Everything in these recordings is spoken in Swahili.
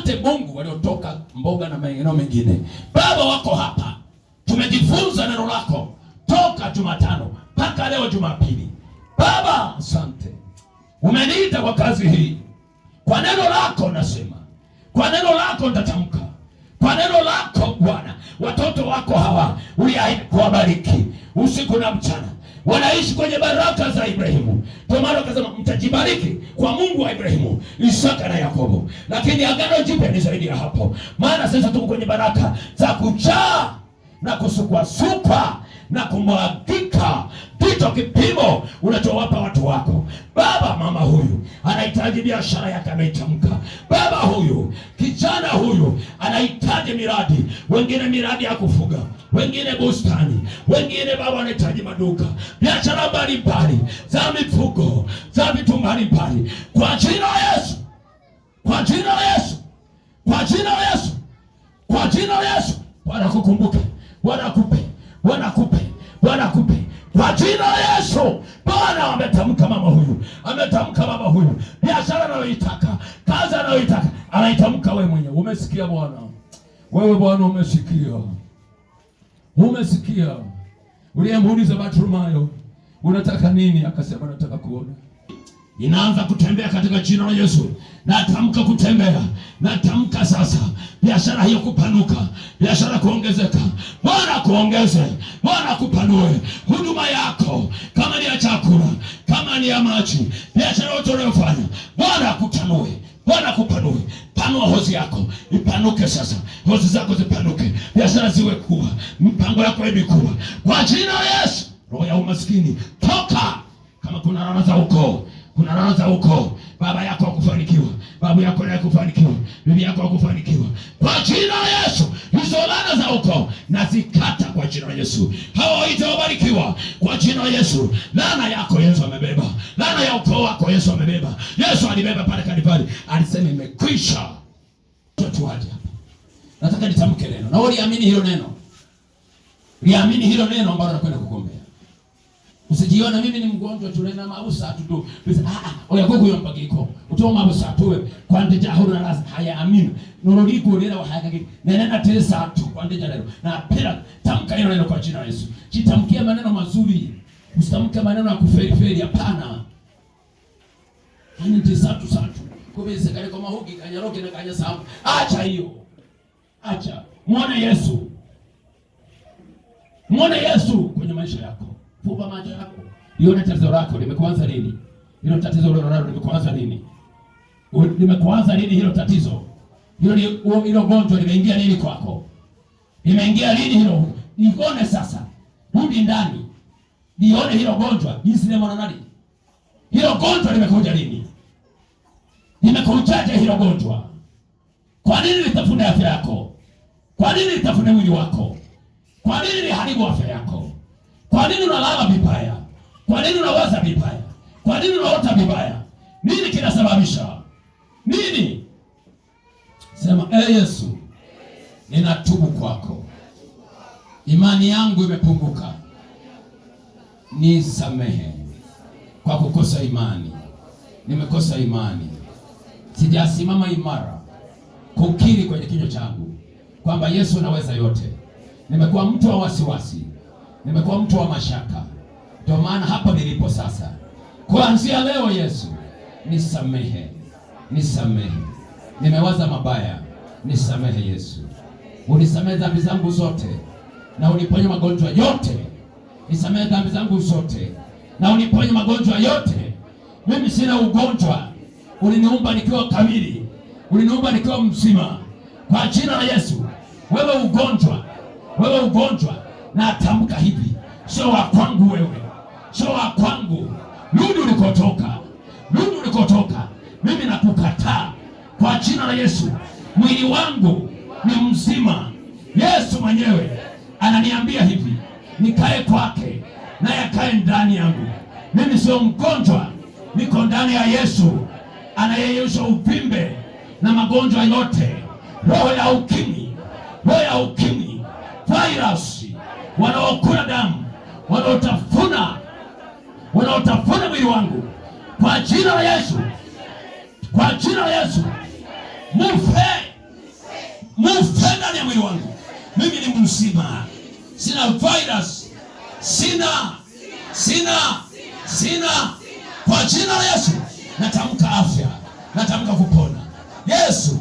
Asante Mungu waliotoka Mboga na maeneo mengine. Baba wako hapa, tumejifunza neno lako toka Jumatano mpaka leo Jumapili. Baba asante, umeniita kwa kazi hii. Kwa neno lako nasema, kwa neno lako nitatamka, kwa neno lako Bwana, watoto wako hawa uliahidi kuwabariki usiku na mchana wanaishi kwenye baraka za Ibrahimu. Kwa maana akasema mtajibariki kwa Mungu wa Ibrahimu, Isaka na Yakobo. Lakini agano jipya ni zaidi ya hapo, maana sasa tuko kwenye baraka za kuchaa na kusukwasukwa na kumwagika ndicho kipimo unachowapa watu wako. Baba, mama huyu anahitaji biashara yake ameitamka. Baba huyu kijana huyu anahitaji miradi, wengine miradi ya kufuga, wengine bustani, wengine baba anahitaji maduka, biashara mbalimbali za mifugo, za vitu mbalimbali, kwa jina la Yesu, kwa jina la Yesu, kwa jina la Yesu, kwa jina la Yesu. Bwana kukumbuke, Bwana akupe Bwana akupe, Bwana akupe kwa jina la Yesu. Bwana ametamka mama huyu, ametamka baba huyu, biashara anayoitaka, kazi anayoitaka, anaitamka wewe mwenyewe. Umesikia Bwana? Wewe Bwana umesikia, umesikia. Uliyemuuliza Bartimayo, unataka nini? Akasema nataka kuona inaanza kutembea katika jina la Yesu. Natamka kutembea, natamka sasa biashara hiyo kupanuka, biashara kuongezeka. Bwana kuongeze, Bwana kupanue huduma yako, kama ni ya chakula, kama ni ya maji, biashara yote unayofanya, Bwana kutanue Bwana kupanue, panua hozi yako ipanuke sasa, hozi zako zipanuke, biashara ziwe kubwa, mpango yako iwe kuwa, kwa jina la Yesu. Roho ya umaskini toka, kama kuna laana za ukoo kuna roho za huko, baba yako akufanikiwa, babu yako naye hakufanikiwa, bibi yako akufanikiwa Kwa jina la Yesu, hizo laana za huko nazikata kwa jina la Yesu. hawa waite wabarikiwa kwa jina la Yesu. Laana yako Yesu amebeba, laana ya ukoo wako Yesu amebeba. Yesu alibeba pale Kalvari, alisema imekwisha. Tuaje hapa, nataka nitamke neno na wewe liamini hilo neno, liamini hilo neno ambalo nakwenda kukuambia. Usijiona mimi ni mgonjwa na mabusatu tu. Bisa ah ah oya gogo yombagiko. Uto mabusatu we kwande jahura ras haya amina. Norori gorera wa haya kagiki. Nene na tesa tu ndeja jalero. Na pira tamka hilo neno kwa jina la Yesu. Jitamkie maneno mazuri. Usitamke maneno ya kuferiferi hapana. Hani tesatu satu. Kubese kale kwa mahugi kanyaroke na kanya samu. Acha hiyo. Acha. Muone Yesu. Muone Yesu kwenye maisha yako. Fumba macho yako. Lione tatizo lako limekuanza lini? Hilo tatizo lolo limekuanza lini? Limekuanza lini hilo tatizo? Hilo hilo gonjwa limeingia lini kwako? Limeingia lini hilo? Nione sasa. Rudi ndani. Nione hilo gonjwa jinsi maana nani? Hilo gonjwa limekuja lini? Limekujaje hilo gonjwa? Kwa nini litafune afya yako? Kwa nini litafune mwili wako? Kwa nini liharibu afya yako? Kwa nini unalala vibaya? Kwa nini unawaza vibaya? Kwa nini unaota vibaya? Nini kinasababisha nini? Sema e Yesu, ninatubu kwako, imani yangu imepunguka, nisamehe kwa kukosa imani. Nimekosa imani, sijasimama imara kukiri kwenye kinywa changu kwamba Yesu anaweza yote. Nimekuwa mtu wa wasiwasi nimekuwa mtu wa mashaka, ndio maana hapa nilipo sasa. Kuanzia leo, Yesu nisamehe, nisamehe, nimewaza mabaya, nisamehe Yesu, unisamehe dhambi zangu zote na uniponye magonjwa yote, nisamehe dhambi zangu zote na uniponye magonjwa yote. Mimi sina ugonjwa, uliniumba nikiwa kamili, uliniumba nikiwa mzima, kwa jina la Yesu. Wewe ugonjwa, wewe ugonjwa na atamka hivi, sio wa kwangu wewe, sio wa kwangu. Rudi ulikotoka, rudi ulikotoka. Mimi nakukataa kwa jina la Yesu. Mwili wangu ni mzima. Yesu mwenyewe ananiambia hivi, nikae kwake naye akae ndani yangu. Mimi sio mgonjwa, niko ndani ya Yesu anayeyusha uvimbe na magonjwa yote, roho ya ukimwi, roho ya ukimwi, virusi wanaokula damu, wanaotafuna wanaotafuna mwili wangu, kwa jina la Yesu, kwa jina la Yesu, mufe, mufe ndani ya mwili wangu. Mimi ni mzima, sina virus, sina sina sina. Kwa jina la Yesu natamka afya, natamka kupona. Yesu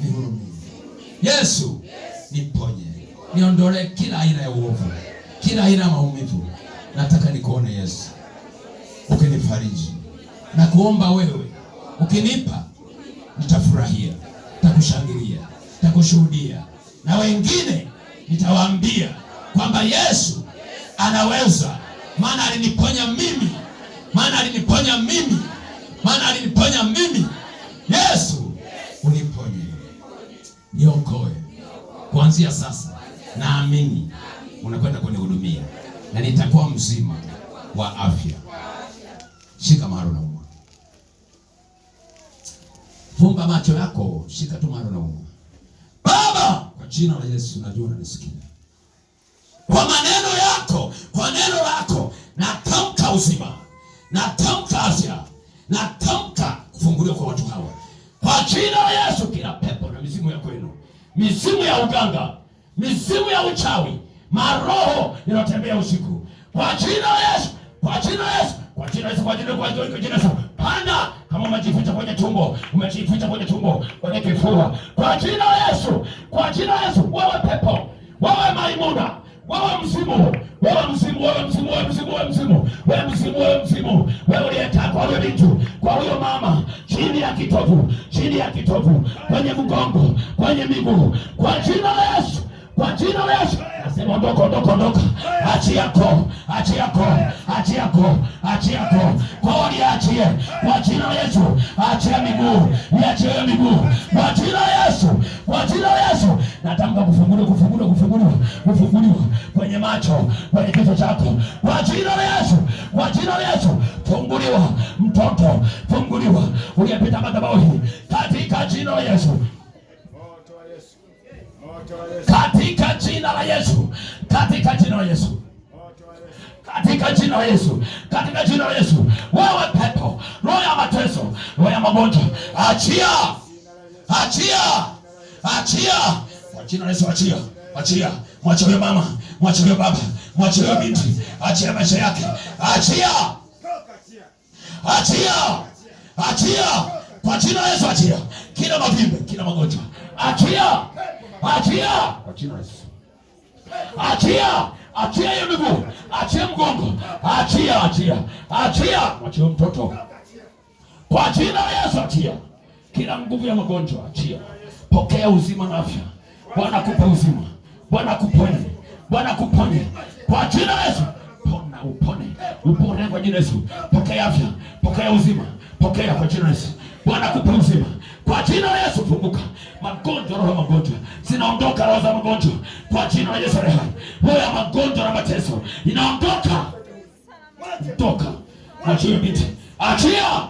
nihurumie, Yesu mponye, niondolee maovu, kila aina ya maumivu, nataka nikuone Yesu ukinifariji na kuomba wewe, ukinipa nitafurahia, nitakushangilia, nitakushuhudia na wengine nitawaambia kwamba Yesu anaweza, maana aliniponya mimi, maana aliniponya mimi, maana aliniponya mimi. Yesu uniponye, niokoe kuanzia sasa, naamini unakwenda kunihudumia na nitakuwa mzima wa afya. Shika mahali unaumwa, fumba macho yako, shika tu mahali unaumwa. Baba, kwa jina la Yesu, najua unanisikia, kwa maneno yako, kwa neno lako natamka uzima, natamka afya, natamka kufunguliwa kwa watu hawa, kwa jina la Yesu. Kila pepo na mizimu ya kwenu, mizimu ya uganga, mizimu ya uchawi maroho yanatembea usiku, kwa jina Yesu, kwa jina Yesu, kwa jina Yesu, kwa jina kwa jina Yesu, panda kama umejificha kwenye tumbo, umejificha kwenye tumbo, kwenye kifua, kwa jina Yesu, kwa jina Yesu, wewe pepo, wewe maimuna, wewe mzimu wewe mzimu, wewe mzimu, wewe mzimu, wewe mzimu, wewe mzimu, wewe mzimu, wewe uliyekaa kwa huyo mtu, kwa huyo mama, chini ya kitovu, chini ya kitovu, kwenye mgongo, kwenye miguu, kwa jina la Yesu, kwa jina Yesu Sema ondoka, ondoka, ondoka, achi yako, achi yako, achi yako, achi yako, kwao niachie kwa jina la Yesu, ya miguu, achi ya miguu kwa jina la Yesu, kwa jina la Yesu. Natamka kufunguliwa, kufunguliwa, kufunguliwa, kufunguliwa kwenye macho, kwenye kichwa chako kwa jina la Yesu, kwa jina la Yesu, funguliwa mtoto, funguliwa uliyepita madhabahu, katika jina la Yesu katika jina la Yesu, katika jina la Yesu, katika jina la Yesu, katika jina la Yesu. Wewe pepo, roho ya mateso, roho ya magonjwa, achia, achia, achia kwa jina la Yesu, achia, achia. Mwache huyo mama, mwache huyo baba, mwache huyo binti, achia maisha yake, achia, achia, achia kwa jina la Yesu, achia kila mavimbe, kila magonjwa, achia. Achia, achia, achia Achia hiyo miguu, achia mgongo, achia, achia, achia, achia mtoto kwa jina la Yesu, achia kila nguvu ya magonjwa, achia. Pokea uzima na afya. Bwana kupe uzima, Bwana kuponye, Bwana kuponye kwa jina la Yesu. Pona upone, upone kwa jina la Yesu. Pokea afya, pokea uzima, pokea kwa jina la Yesu. Bwana kupe uzima kwa jina la Yesu. Funguka magonjwa, roho magonjwa zinaondoka, roho za magonjwa kwa jina la Yesu. rehani. roho ya magonjwa na mateso inaondoka, toka achia binti, achia,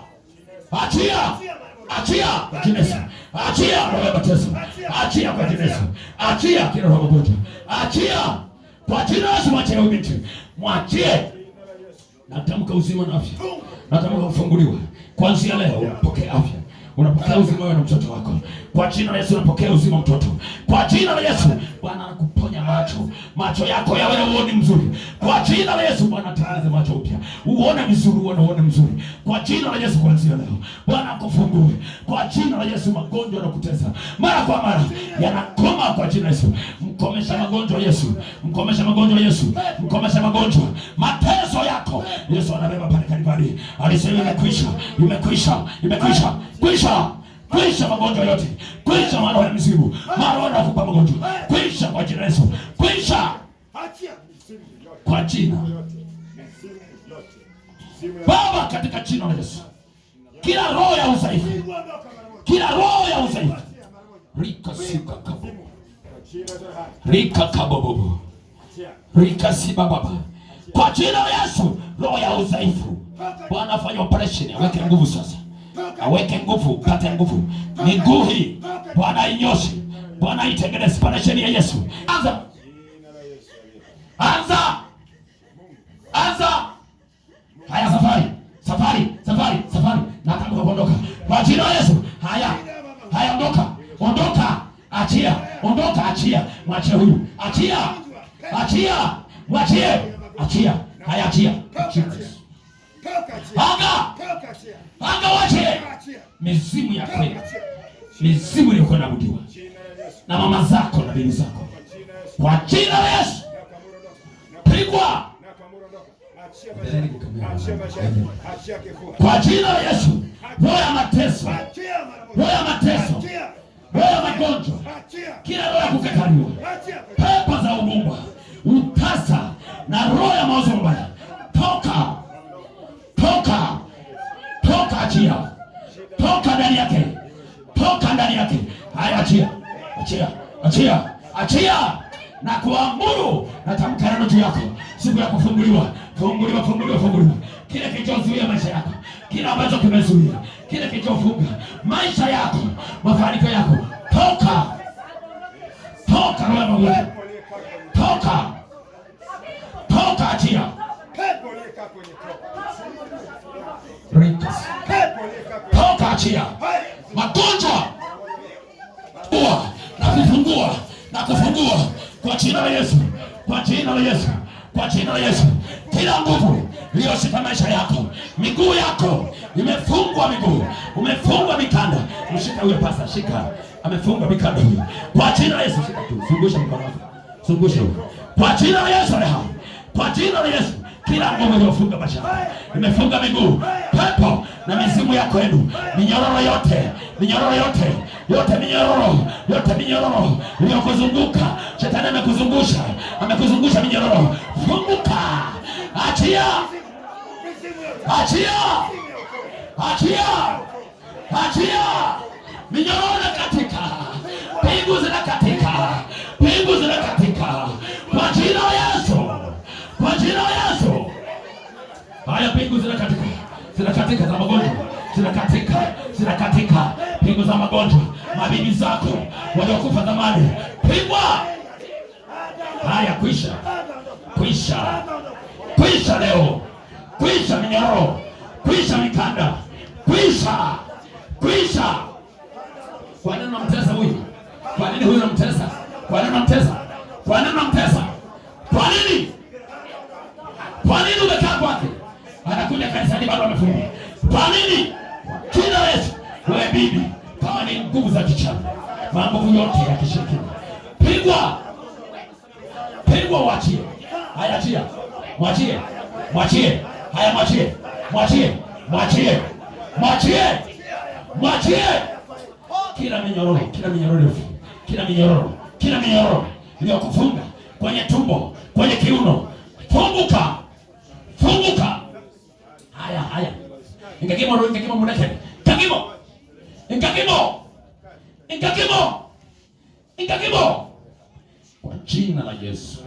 achia, achia kwa jina Yesu, achia roho ya mateso, achia kwa jina Yesu, achia kila roho magonjwa, achia kwa jina la Yesu, mwachie huyu binti, mwachie. Natamka uzima na afya, natamka kufunguliwa kuanzia leo, upokee afya unapokea uzima wewe na mtoto wako kwa jina la Yesu, unapokea uzima mtoto kwa jina la Yesu. Bwana anakuponya macho, macho yako yawe uoni mzuri kwa jina la Yesu. Bwana atangaze macho upya, uone vizuri, uone uone mzuri kwa jina la Yesu. Kuanzia leo Bwana akufungue kwa jina la Yesu. Magonjwa yanakutesa mara kwa mara yanakoma kwa jina la Yesu. Mkomesha magonjwa Yesu, mkomesha magonjwa Yesu, mkomesha magonjwa mateso yako Yesu alisema imekwisha, imekwisha, imekwisha, kwisha kwisha magonjwa yote, kwisha maroho ya mzimu, maroho na kupa magonjwa, kwisha kwa jina Yesu, kwisha kwa jina Baba, katika jina la Yesu, kila roho ya udhaifu, kila roho ya udhaifu likasika kabobo, lika kabobo, si baba, kwa jina la Yesu, roho ya udhaifu Bwana fanya operation, aweke nguvu sasa, aweke nguvu, pate nguvu. Miguu hii Bwana inyoshe, Bwana itengeneze. Operation ya Yesu, anza, anza, anza. Haya, safari, safari, safari, safari. Nataka kuondoka kwa jina la Yesu. Haya, haya, ondoka, ondoka, achia, ondoka, achia, mwache huyu, achia, achia, mwachie, achia, haya, achia, achia anga aga, wache mizimu ya kweli, mizimu iliyokuwa inaabudiwa na mama zako na bibi zako, kwa jina la Yesu pigwa kwa jina la Yesu. Roho ya mateso, roho ya mateso, roho ya magonjwa, kila roho ya kukataliwa, pepo za ugumba, utasa na roho ya mawazo mabaya toka ndani yake. Haya, achia, achia, achia, achia na kuamuru na tamka neno juu yako, siku ya kufunguliwa, funguliwa, funguliwa, funguliwa. Kile kilichozuia maisha yako, kile ambacho kimezuia, kile kilichofunga maisha yako, mafanikio yako, toka, toka, roho ya toka, toka, achia toka, achia magonjwa kuwa na kufungua na kufungua kwa jina la Yesu, kwa jina la Yesu, kwa jina la Yesu. Kila nguvu iliyoshika maisha yako, miguu yako imefungwa, miguu umefungwa mikanda, mshika huyo pasa, shika, amefungwa mikanda huyo kwa jina la Yesu. Shika tu, sungusha mkono wako, sungusha huyo kwa jina la Yesu, leo kwa jina la Yesu. Kila nguvu iliyofunga maisha imefunga miguu, pepo na mizimu yako yenu, minyororo yote minyororo yote yote, minyororo yote, minyororo iliyokuzunguka. Shetani amekuzungusha, amekuzungusha minyororo, funguka, achia, achia, achia, achia, minyororo inakatika, pingu zinakatika, pingu zinakatika kwa jina la Yesu, kwa jina la Yesu. Haya, pingu zinakatika, zinakatika za magonjwa, zinakatika bibi zako waliokufa zamani, pigwa! Haya, kwisha, kwisha, kwisha leo, kwisha minyororo, kwisha mikanda, kwisha, kwisha. Kwa nini unamtesa huyu? Kwa nini huyu unamtesa? Kwa nini unamtesa? Kwa nini unamtesa? Kwa nini? Kwa nini umekaa kwake? Anakuja kanisani bado amefungwa. Kwa nini? Jina Yesu, wewe bibi nguvu za kichawi, mambo yote ya kishirikina, pigwa pigwa, wachie haya, achia, mwachie, mwachie haya, mwachie, mwachie, mwachie, mwachie, mwachie kila minyororo, kila minyororo, kila minyororo, kila minyororo iliyokufunga kwenye tumbo, kwenye kiuno, funguka, funguka. Haya haya, ingekimo, ingekimo, muneke, ingekimo, ingekimo Nikakimo. Nikakimo. Kwa jina la Yesu.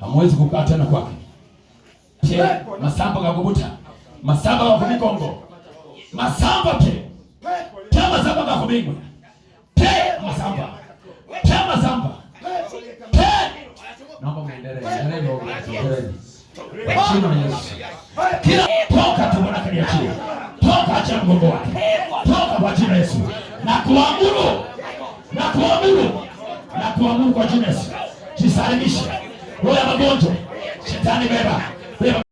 Hamwezi kukaa tena kwake. Te, masamba kakubuta. Masamba kakumikongo. Masamba te. Te masamba kakumingwe. Te masamba. Te masamba. Te. Naomba muendelee. Endelee kwa jina la Yesu. Kila toka tu tumwanakalia chini. Toka acha mgongo wake. Toka kwa jina la Yesu na kuamuru na kuamuru na kuamuru kwa jina Yesu, jisalimishe. Roho ya magonjwa, shetani beba, beba.